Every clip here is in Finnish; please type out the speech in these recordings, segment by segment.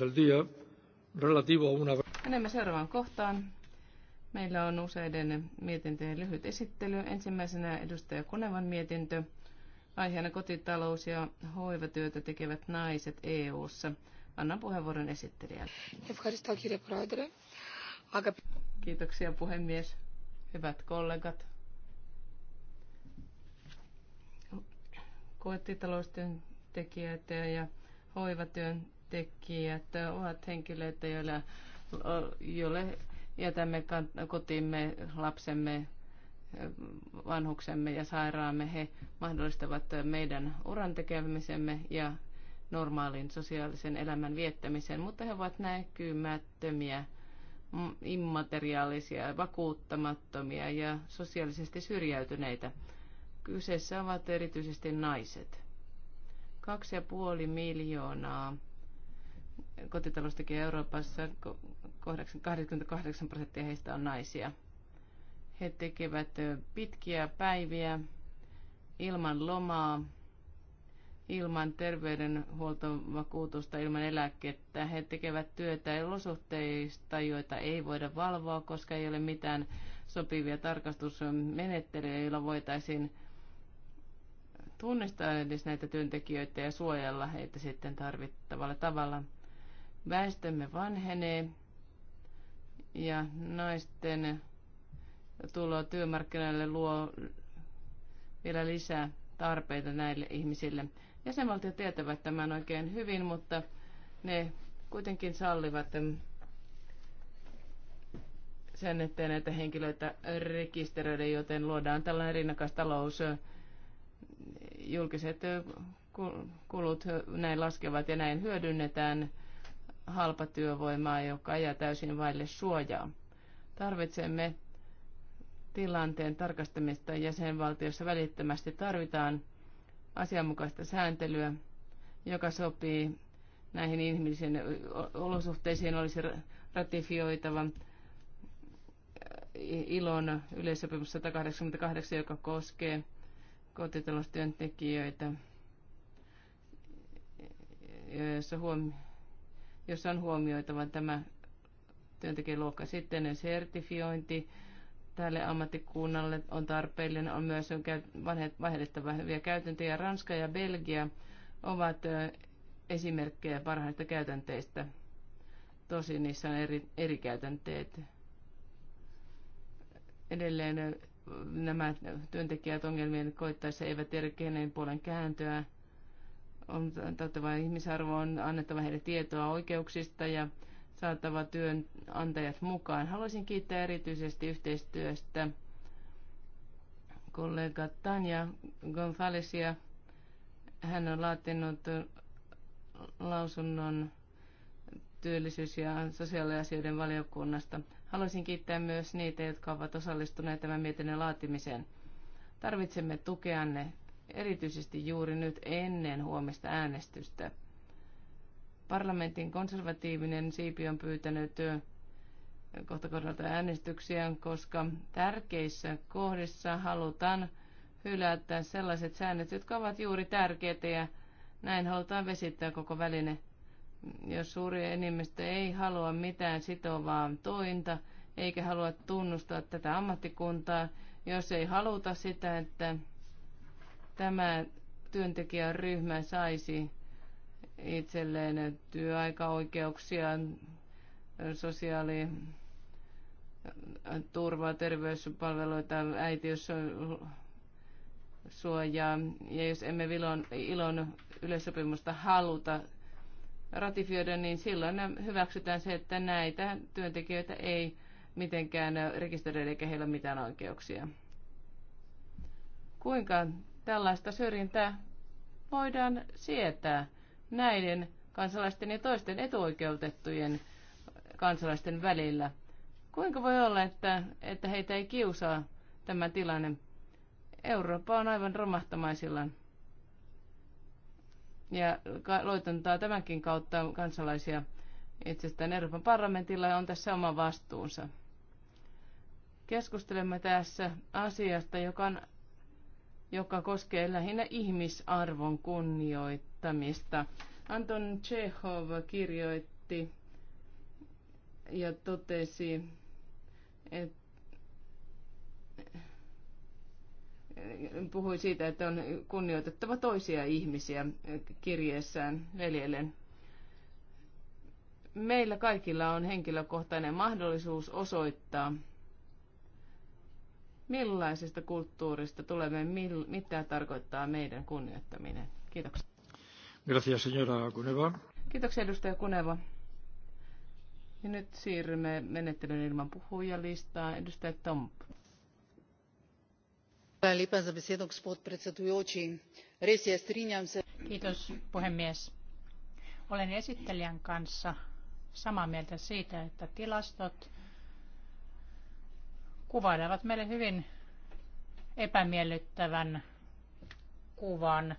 del día relativo a una... Menemme seuraavaan kohtaan. Meillä on useiden mietintöjen lyhyt esittely. Ensimmäisenä edustaja Kunevan mietintö. Aiheena kotitalous ja hoivatyötä tekevät naiset EU-ssa. Annan puheenvuoron esittelijälle. Kiitoksia puhemies. Hyvät kollegat. Kotitaloustyöntekijät ja hoivatyön että ovat henkilöitä, joilla, joille jätämme kotimme lapsemme, vanhuksemme ja sairaamme. He mahdollistavat meidän uran tekemisemme ja normaalin sosiaalisen elämän viettämisen, mutta he ovat näkymättömiä, mm, immateriaalisia, vakuuttamattomia ja sosiaalisesti syrjäytyneitä. Kyseessä ovat erityisesti naiset. Kaksi ja puoli miljoonaa kotitaloustekijä Euroopassa 88 prosenttia heistä on naisia. He tekevät pitkiä päiviä ilman lomaa, ilman terveydenhuoltovakuutusta, ilman eläkettä. He tekevät työtä olosuhteista, joita ei voida valvoa, koska ei ole mitään sopivia tarkastusmenettelyjä, joilla voitaisiin tunnistaa edes näitä työntekijöitä ja suojella heitä sitten tarvittavalla tavalla. Väestömme vanhenee ja naisten tulo työmarkkinoille luo vielä lisää tarpeita näille ihmisille. Jäsenvaltiot tietävät tämän oikein hyvin, mutta ne kuitenkin sallivat sen, ettei näitä henkilöitä rekisteröidä, joten luodaan tällainen talous. Julkiset kulut näin laskevat ja näin hyödynnetään halpatyövoimaa, joka jää täysin vaille suojaa. Tarvitsemme tilanteen tarkastamista jäsenvaltiossa välittömästi. Tarvitaan asianmukaista sääntelyä, joka sopii näihin ihmisen olosuhteisiin olisi ratifioitava ilon yleissopimus 188, joka koskee kotitaloustyöntekijöitä, joissa huomioon jossa on huomioitava tämä työntekijäluokka. Sitten niin sertifiointi tälle ammattikunnalle on tarpeellinen. On myös vaihdettava hyviä käytäntöjä. Ranska ja Belgia ovat esimerkkejä parhaista käytänteistä. Tosin niissä on eri, eri käytänteet. Edelleen nämä työntekijät ongelmien koittaessa eivät tiedä kenen puolen kääntöä on annettava ihmisarvo, on annettava heille tietoa oikeuksista ja saatava työnantajat mukaan. Haluaisin kiittää erityisesti yhteistyöstä kollega Tanja Gonzalesia. Hän on laatinut lausunnon työllisyys- ja sosiaaliasioiden valiokunnasta. Haluaisin kiittää myös niitä, jotka ovat osallistuneet tämän mietinnön laatimiseen. Tarvitsemme tukeanne erityisesti juuri nyt ennen huomista äänestystä. Parlamentin konservatiivinen siipi on pyytänyt kohta kohdalta äänestyksiä, koska tärkeissä kohdissa halutaan hylätä sellaiset säännöt, jotka ovat juuri tärkeitä ja näin halutaan vesittää koko väline. Jos suuri enemmistö ei halua mitään sitovaa tointa, eikä halua tunnustaa tätä ammattikuntaa, jos ei haluta sitä, että tämä työntekijäryhmä saisi itselleen työaikaoikeuksia, sosiaali turvaa, terveyspalveluita, äitiyssuojaa. Ja jos emme ilon, ilon yleissopimusta haluta ratifioida, niin silloin hyväksytään se, että näitä työntekijöitä ei mitenkään rekisteröidä eikä heillä mitään oikeuksia. Kuinka Tällaista syrjintää voidaan sietää näiden kansalaisten ja toisten etuoikeutettujen kansalaisten välillä. Kuinka voi olla, että, että heitä ei kiusaa tämä tilanne? Eurooppa on aivan romahtamaisillaan ja loitontaa tämänkin kautta kansalaisia itsestään. Euroopan parlamentilla on tässä oma vastuunsa. Keskustelemme tässä asiasta, joka on joka koskee lähinnä ihmisarvon kunnioittamista. Anton Chekhov kirjoitti ja totesi, että puhui siitä, että on kunnioitettava toisia ihmisiä kirjeessään veljelleen. Meillä kaikilla on henkilökohtainen mahdollisuus osoittaa millaisesta kulttuurista tulemme, mitä tarkoittaa meidän kunnioittaminen. Kiitoksia. Gracias, señora Kuneva. Kiitoksia, edustaja Kuneva. Ja nyt siirrymme menettelyn ilman puhujalistaa. Edustaja Tomp. Kiitos, puhemies. Olen esittelijän kanssa samaa mieltä siitä, että tilastot kuvailevat meille hyvin epämiellyttävän kuvan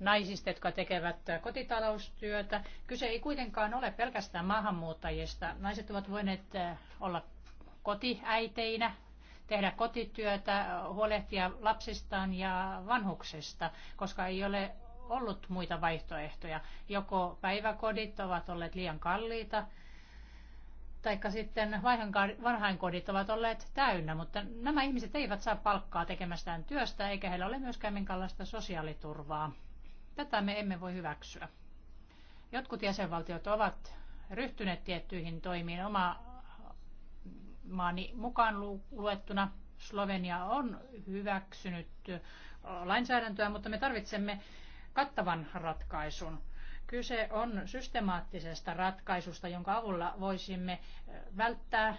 naisista, jotka tekevät kotitaloustyötä. Kyse ei kuitenkaan ole pelkästään maahanmuuttajista. Naiset ovat voineet eh, olla kotiäiteinä, tehdä kotityötä, huolehtia lapsistaan ja vanhuksista, koska ei ole ollut muita vaihtoehtoja. Joko päiväkodit ovat olleet liian kalliita tai sitten vanhainkodit ovat olleet täynnä, mutta nämä ihmiset eivät saa palkkaa tekemästään työstä, eikä heillä ole myöskään minkäänlaista sosiaaliturvaa. Tätä me emme voi hyväksyä. Jotkut jäsenvaltiot ovat ryhtyneet tiettyihin toimiin oma maani mukaan luettuna. Slovenia on hyväksynyt lainsäädäntöä, mutta me tarvitsemme kattavan ratkaisun. Kyse on systemaattisesta ratkaisusta, jonka avulla voisimme eh, välttää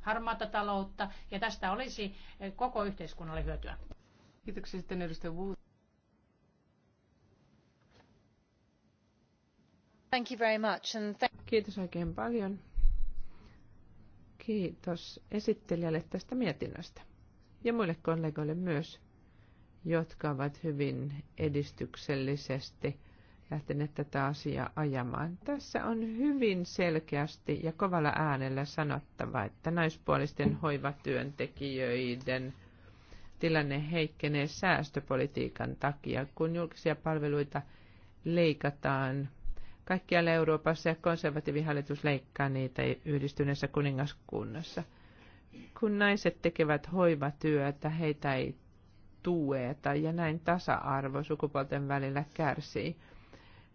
harmaata taloutta, ja tästä olisi eh, koko yhteiskunnalle hyötyä. Kiitoksia sitten edustaja Wu. Thank you very much and th- Kiitos oikein paljon. Kiitos esittelijälle tästä mietinnöstä ja muille kollegoille myös, jotka ovat hyvin edistyksellisesti – lähteneet tätä asiaa ajamaan. Tässä on hyvin selkeästi ja kovalla äänellä sanottava, että naispuolisten hoivatyöntekijöiden tilanne heikkenee säästöpolitiikan takia, kun julkisia palveluita leikataan kaikkialla Euroopassa ja konservatiivihallitus leikkaa niitä yhdistyneessä kuningaskunnassa. Kun naiset tekevät hoivatyötä, heitä ei tueta ja näin tasa-arvo sukupuolten välillä kärsii.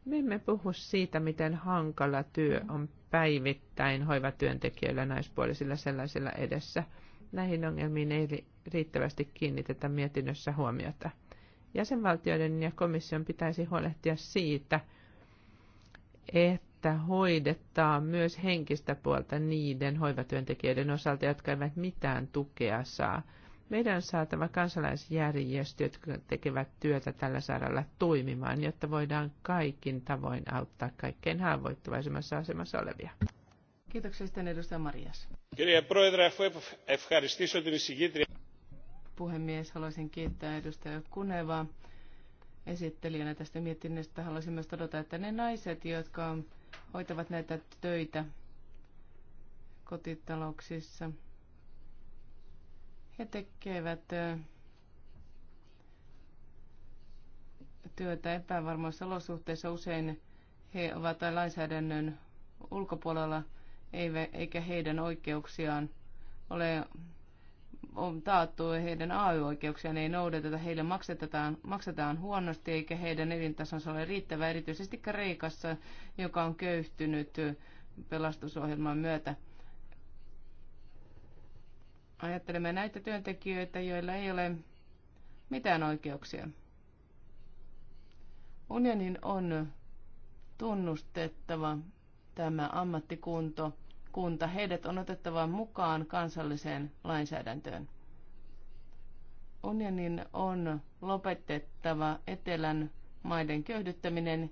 Me emme puhu siitä, miten hankala työ on päivittäin hoivatyöntekijöillä naispuolisilla sellaisilla edessä. Näihin ongelmiin ei riittävästi kiinnitetä mietinnössä huomiota. Jäsenvaltioiden ja komission pitäisi huolehtia siitä, että hoidetaan myös henkistä puolta niiden hoivatyöntekijöiden osalta, jotka eivät mitään tukea saa – meidän on saatava kansalaisjärjestöt, jotka tekevät työtä tällä saralla toimimaan, jotta voidaan kaikin tavoin auttaa kaikkein haavoittuvaisemmassa asemassa olevia. Kiitoksia sitten edustaja Marias. Puhemies, haluaisin kiittää edustaja Kunevaa esittelijänä tästä mietinnöstä. Haluaisin myös todeta, että ne naiset, jotka hoitavat näitä töitä kotitalouksissa – he tekevät työtä epävarmoissa olosuhteissa. Usein he ovat lainsäädännön ulkopuolella, eikä heidän oikeuksiaan ole on taattu heidän AY-oikeuksiaan ei noudateta, heille maksetaan, maksetaan huonosti eikä heidän elintasonsa ole riittävä, erityisesti Kreikassa, joka on köyhtynyt pelastusohjelman myötä. Ajattelemme näitä työntekijöitä, joilla ei ole mitään oikeuksia. Unionin on tunnustettava tämä ammattikunto, kunta. Heidät on otettava mukaan kansalliseen lainsäädäntöön. Unionin on lopetettava etelän maiden köyhdyttäminen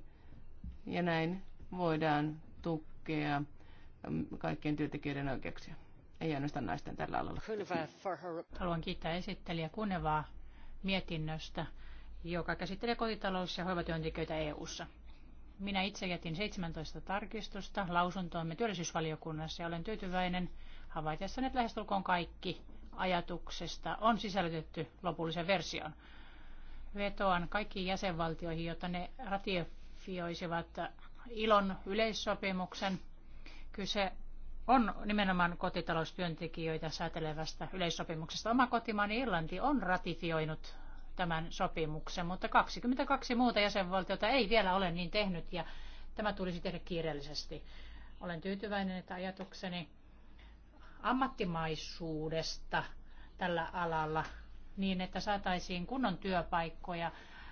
ja näin voidaan tukea kaikkien työntekijöiden oikeuksia ei ainoastaan naisten tällä alalla. Haluan kiittää esittelijä Kunevaa mietinnöstä, joka käsittelee kotitalous- ja hoivatyöntekijöitä EU-ssa. Minä itse jätin 17 tarkistusta lausuntoomme työllisyysvaliokunnassa ja olen tyytyväinen havaitessani, että lähestulkoon kaikki ajatuksesta on sisällytetty lopullisen version. Vetoan kaikkiin jäsenvaltioihin, jotta ne ratifioisivat ilon yleissopimuksen. Kyse on nimenomaan kotitaloustyöntekijöitä säätelevästä yleissopimuksesta. Oma kotimaani Irlanti on ratifioinut tämän sopimuksen, mutta 22 muuta jäsenvaltiota ei vielä ole niin tehnyt ja tämä tulisi tehdä kiireellisesti. Olen tyytyväinen, että ajatukseni ammattimaisuudesta tällä alalla niin, että saataisiin kunnon työpaikkoja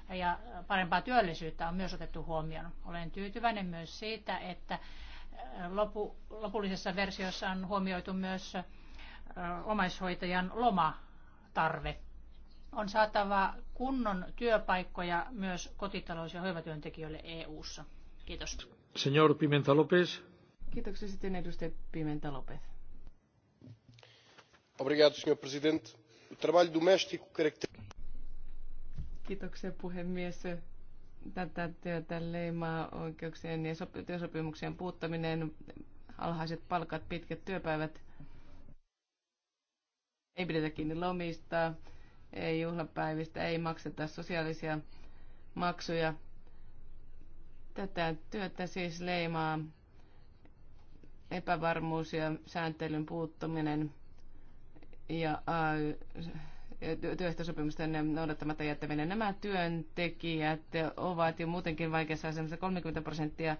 ja parempaa työllisyyttä on myös otettu huomioon. Olen tyytyväinen myös siitä, että lopu, lopullisessa versiossa on huomioitu myös omaishoitajan lomatarve. On saatava kunnon työpaikkoja myös kotitalous- ja hoivatyöntekijöille EU-ssa. Kiitos. Senor Pimenta López. Kiitoksia sitten edustaja Pimenta López. Obrigado, senhor presidente. O trabalho doméstico caracteriza... Kiitoksia puhemies tätä työtä leimaa oikeuksien ja työsopimuksien puuttaminen, alhaiset palkat, pitkät työpäivät, ei pidetä kiinni lomista, ei juhlapäivistä, ei makseta sosiaalisia maksuja. Tätä työtä siis leimaa epävarmuus ja sääntelyn puuttuminen ja työehtosopimusten noudattamatta jättäminen. Nämä työntekijät ovat jo muutenkin vaikeassa asemassa. 30 prosenttia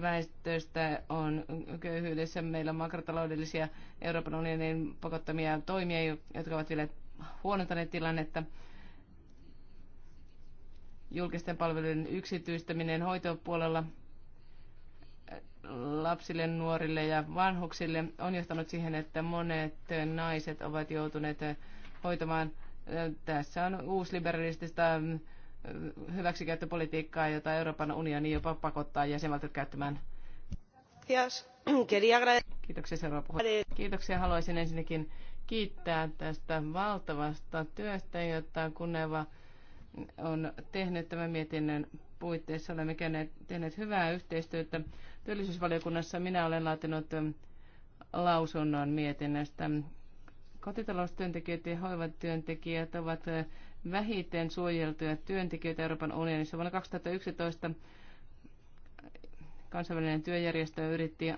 väestöstä on köyhyydessä. Meillä on makrotaloudellisia Euroopan unionin pakottamia toimia, jotka ovat vielä huonontaneet tilannetta. Julkisten palvelujen yksityistäminen hoitopuolella lapsille, nuorille ja vanhuksille on johtanut siihen, että monet naiset ovat joutuneet hoitamaan. Tässä on uusliberalistista mm, hyväksikäyttöpolitiikkaa, jota Euroopan unioni jopa pakottaa jäsenvaltiot käyttämään. Kiitoksia, seuraava puhe. Kiitoksia. Haluaisin ensinnäkin kiittää tästä valtavasta työstä, jota kunneva on tehnyt tämän mietinnön puitteissa. Olemme tehneet hyvää yhteistyötä työllisyysvaliokunnassa. Minä olen laatinut lausunnon mietinnöstä Kotitaloustyöntekijät ja hoivatyöntekijät ovat vähiten suojeltuja työntekijöitä Euroopan unionissa. Vuonna 2011 kansainvälinen työjärjestö yritti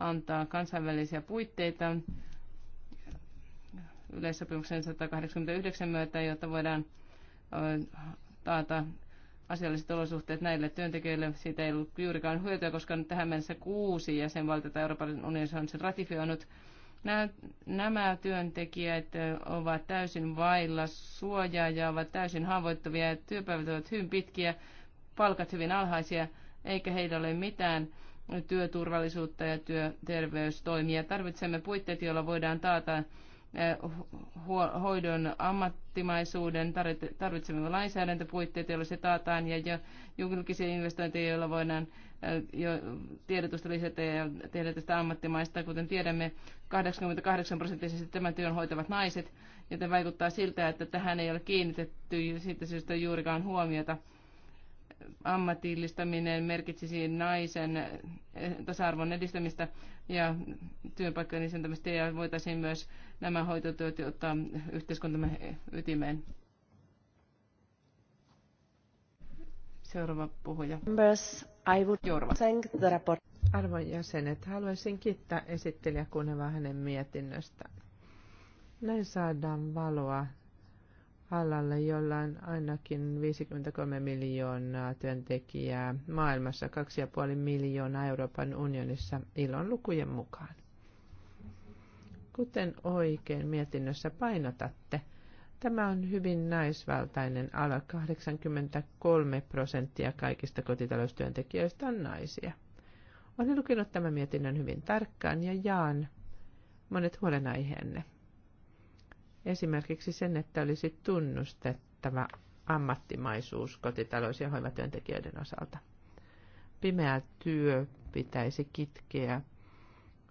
antaa kansainvälisiä puitteita yleissopimuksen 189 myötä, jotta voidaan taata asialliset olosuhteet näille työntekijöille. Siitä ei ollut juurikaan hyötyä, koska tähän mennessä kuusi jäsenvaltiota Euroopan unionissa on sen ratifioinut. Nämä työntekijät ovat täysin vailla suojaa ja ovat täysin haavoittuvia. Työpäivät ovat hyvin pitkiä, palkat hyvin alhaisia, eikä heillä ole mitään työturvallisuutta ja työterveystoimia. Tarvitsemme puitteet, joilla voidaan taata hoidon ammattimaisuuden, tarvitsemme lainsäädäntöpuitteet, joilla se taataan, ja julkisia investointeja, joilla voidaan jo tiedotusta lisätä ja tehdä tästä ammattimaista. Kuten tiedämme, 88 prosenttisesti tämän työn hoitavat naiset, joten vaikuttaa siltä, että tähän ei ole kiinnitetty siitä syystä juurikaan huomiota ammatillistaminen merkitsisi naisen eh, tasa-arvon edistämistä ja työpaikkojen lisääntämistä ja voitaisiin myös nämä hoitotyöt ottaa yhteiskuntamme ytimeen. Seuraava puhuja. I would thank the report. Arvon jäsenet, haluaisin kiittää esittelijä Kuneva hänen mietinnöstä. Näin saadaan valoa alalle, jolla on ainakin 53 miljoonaa työntekijää maailmassa, 2,5 miljoonaa Euroopan unionissa ilon lukujen mukaan. Kuten oikein mietinnössä painotatte, tämä on hyvin naisvaltainen ala. 83 prosenttia kaikista kotitaloustyöntekijöistä on naisia. Olen lukenut tämän mietinnön hyvin tarkkaan ja jaan monet huolenaiheenne. Esimerkiksi sen, että olisi tunnustettava ammattimaisuus kotitalous- ja hoivatyöntekijöiden osalta. Pimeä työ pitäisi kitkeä,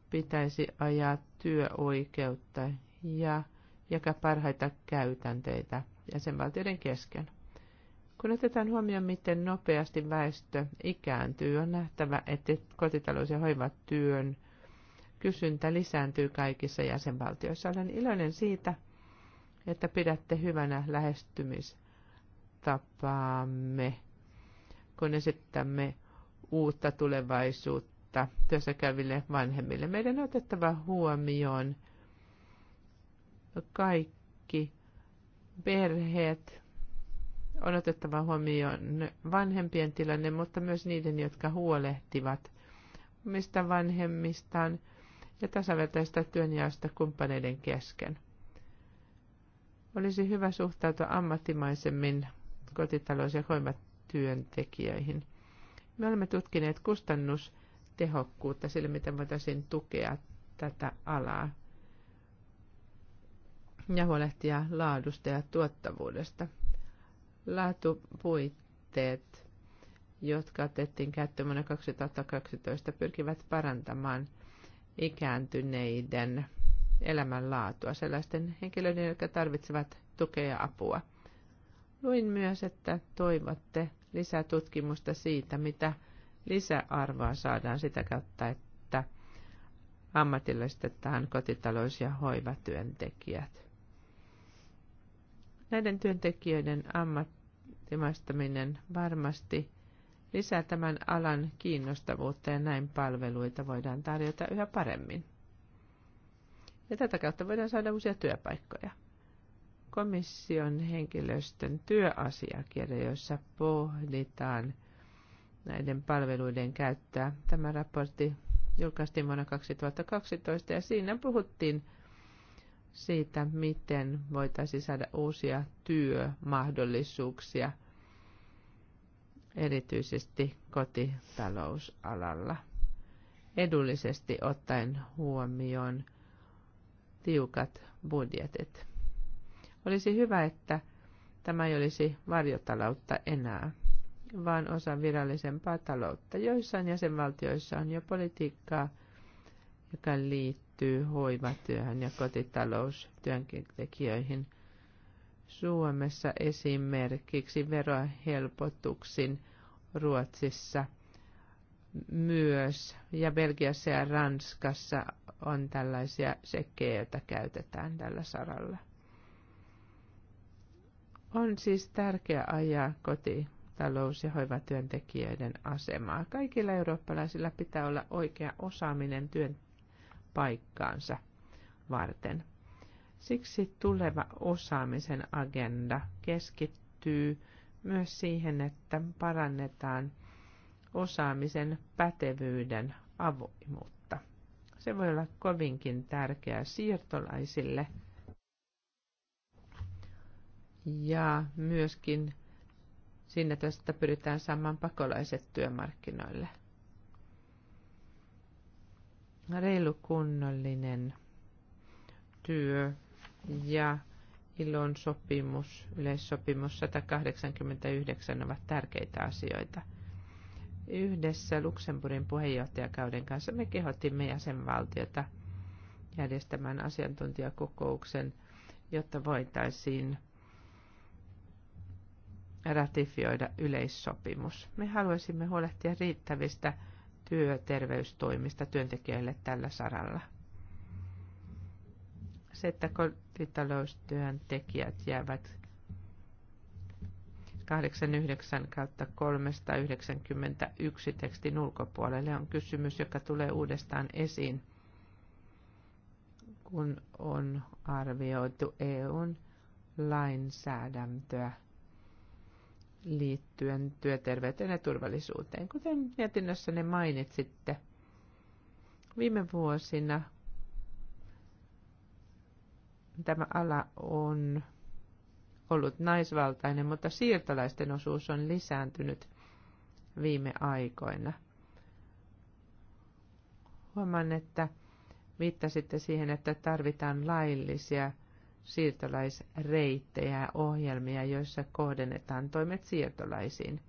pitäisi ajaa työoikeutta ja jakaa parhaita käytänteitä jäsenvaltioiden kesken. Kun otetaan huomioon, miten nopeasti väestö ikääntyy, on nähtävä, että kotitalous- ja hoivatyön kysyntä lisääntyy kaikissa jäsenvaltioissa. Olen iloinen siitä, että pidätte hyvänä lähestymistapaamme, kun esittämme uutta tulevaisuutta työssä käyville vanhemmille. Meidän on otettava huomioon kaikki perheet, on otettava huomioon vanhempien tilanne, mutta myös niiden, jotka huolehtivat omista vanhemmistaan ja tasavertaista työnjaosta kumppaneiden kesken. Olisi hyvä suhtautua ammattimaisemmin kotitalous- ja hoimatyöntekijöihin. Me olemme tutkineet kustannustehokkuutta sille, miten voitaisiin tukea tätä alaa ja huolehtia laadusta ja tuottavuudesta. Laatupuitteet, jotka otettiin käyttöön vuonna 2012, pyrkivät parantamaan ikääntyneiden elämänlaatua sellaisten henkilöiden, jotka tarvitsevat tukea ja apua. Luin myös, että toivotte lisää tutkimusta siitä, mitä lisäarvoa saadaan sitä kautta, että ammatillistetaan kotitalous- ja hoivatyöntekijät. Näiden työntekijöiden ammattimaistaminen varmasti lisää tämän alan kiinnostavuutta ja näin palveluita voidaan tarjota yhä paremmin. Ja tätä kautta voidaan saada uusia työpaikkoja. Komission henkilöstön työasiakirja, jossa pohditaan näiden palveluiden käyttöä. Tämä raportti julkaistiin vuonna 2012 ja siinä puhuttiin siitä, miten voitaisiin saada uusia työmahdollisuuksia, erityisesti kotitalousalalla, edullisesti ottaen huomioon – tiukat budjetit. Olisi hyvä, että tämä ei olisi varjotaloutta enää, vaan osa virallisempaa taloutta. Joissain jäsenvaltioissa on jo politiikkaa, joka liittyy hoivatyöhön ja kotitaloustyöntekijöihin. Suomessa esimerkiksi verohelpotuksin, Ruotsissa – myös, ja Belgiassa ja Ranskassa on tällaisia sekkejä, joita käytetään tällä saralla. On siis tärkeää ajaa koti talous- ja hoivatyöntekijöiden asemaa. Kaikilla eurooppalaisilla pitää olla oikea osaaminen työn paikkaansa varten. Siksi tuleva osaamisen agenda keskittyy myös siihen, että parannetaan – osaamisen pätevyyden avoimuutta. Se voi olla kovinkin tärkeää siirtolaisille ja myöskin sinne tästä pyritään saamaan pakolaiset työmarkkinoille. Reilu kunnollinen työ ja ilon sopimus, yleissopimus 189 ovat tärkeitä asioita – Yhdessä Luxemburgin puheenjohtajakauden kanssa me kehottimme jäsenvaltiota järjestämään asiantuntijakokouksen, jotta voitaisiin ratifioida yleissopimus. Me haluaisimme huolehtia riittävistä työterveystoimista työntekijöille tällä saralla. Se, että kotitaloustyöntekijät jäävät 89 kautta 391 tekstin ulkopuolelle on kysymys, joka tulee uudestaan esiin, kun on arvioitu EUn lainsäädäntöä liittyen työterveyteen ja turvallisuuteen. Kuten mietinnössänne mainitsitte, viime vuosina tämä ala on ollut naisvaltainen, mutta siirtolaisten osuus on lisääntynyt viime aikoina. Huomaan, että viittasitte siihen, että tarvitaan laillisia siirtolaisreittejä ja ohjelmia, joissa kohdennetaan toimet siirtolaisiin.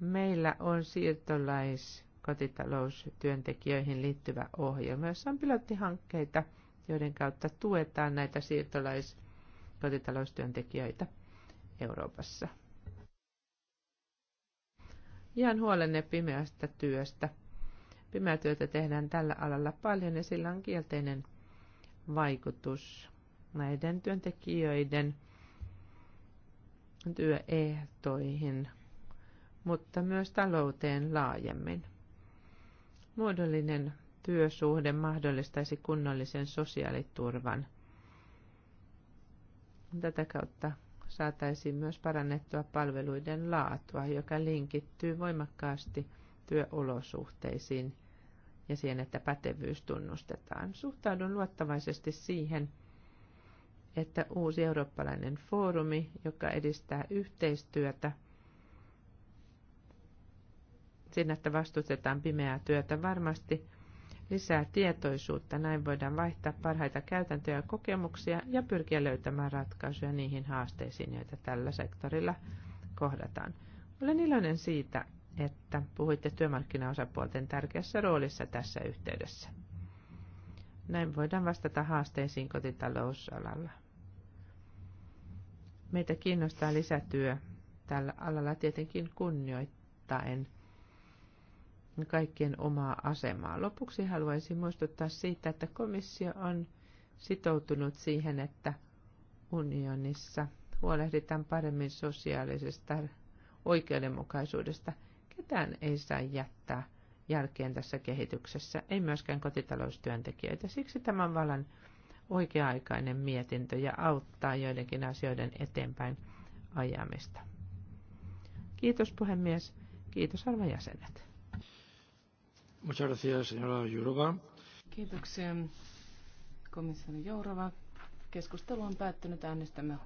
Meillä on siirtolaiskotitaloustyöntekijöihin liittyvä ohjelma, jossa on pilottihankkeita, joiden kautta tuetaan näitä siirtolaisryhmiä kotitaloustyöntekijöitä Euroopassa. Jään huolenne pimeästä työstä. Pimeä työtä tehdään tällä alalla paljon ja sillä on kielteinen vaikutus näiden työntekijöiden työehtoihin, mutta myös talouteen laajemmin. Muodollinen työsuhde mahdollistaisi kunnollisen sosiaaliturvan Tätä kautta saataisiin myös parannettua palveluiden laatua, joka linkittyy voimakkaasti työolosuhteisiin ja siihen, että pätevyys tunnustetaan. Suhtaudun luottavaisesti siihen, että uusi eurooppalainen foorumi, joka edistää yhteistyötä, siinä, että vastustetaan pimeää työtä, varmasti lisää tietoisuutta. Näin voidaan vaihtaa parhaita käytäntöjä ja kokemuksia ja pyrkiä löytämään ratkaisuja niihin haasteisiin, joita tällä sektorilla kohdataan. Olen iloinen siitä, että puhuitte työmarkkinaosapuolten tärkeässä roolissa tässä yhteydessä. Näin voidaan vastata haasteisiin kotitalousalalla. Meitä kiinnostaa lisätyö tällä alalla tietenkin kunnioittaen – kaikkien omaa asemaa. Lopuksi haluaisin muistuttaa siitä, että komissio on sitoutunut siihen, että unionissa huolehditaan paremmin sosiaalisesta oikeudenmukaisuudesta. Ketään ei saa jättää jälkeen tässä kehityksessä, ei myöskään kotitaloustyöntekijöitä. Siksi tämän vallan oikea-aikainen mietintö ja auttaa joidenkin asioiden eteenpäin ajamista. Kiitos puhemies, kiitos arvon jäsenet. Muchas gracias, señora Jourova. Kiitoksia, komissaari Jourova. Keskustelu on päättynyt. Äänestämme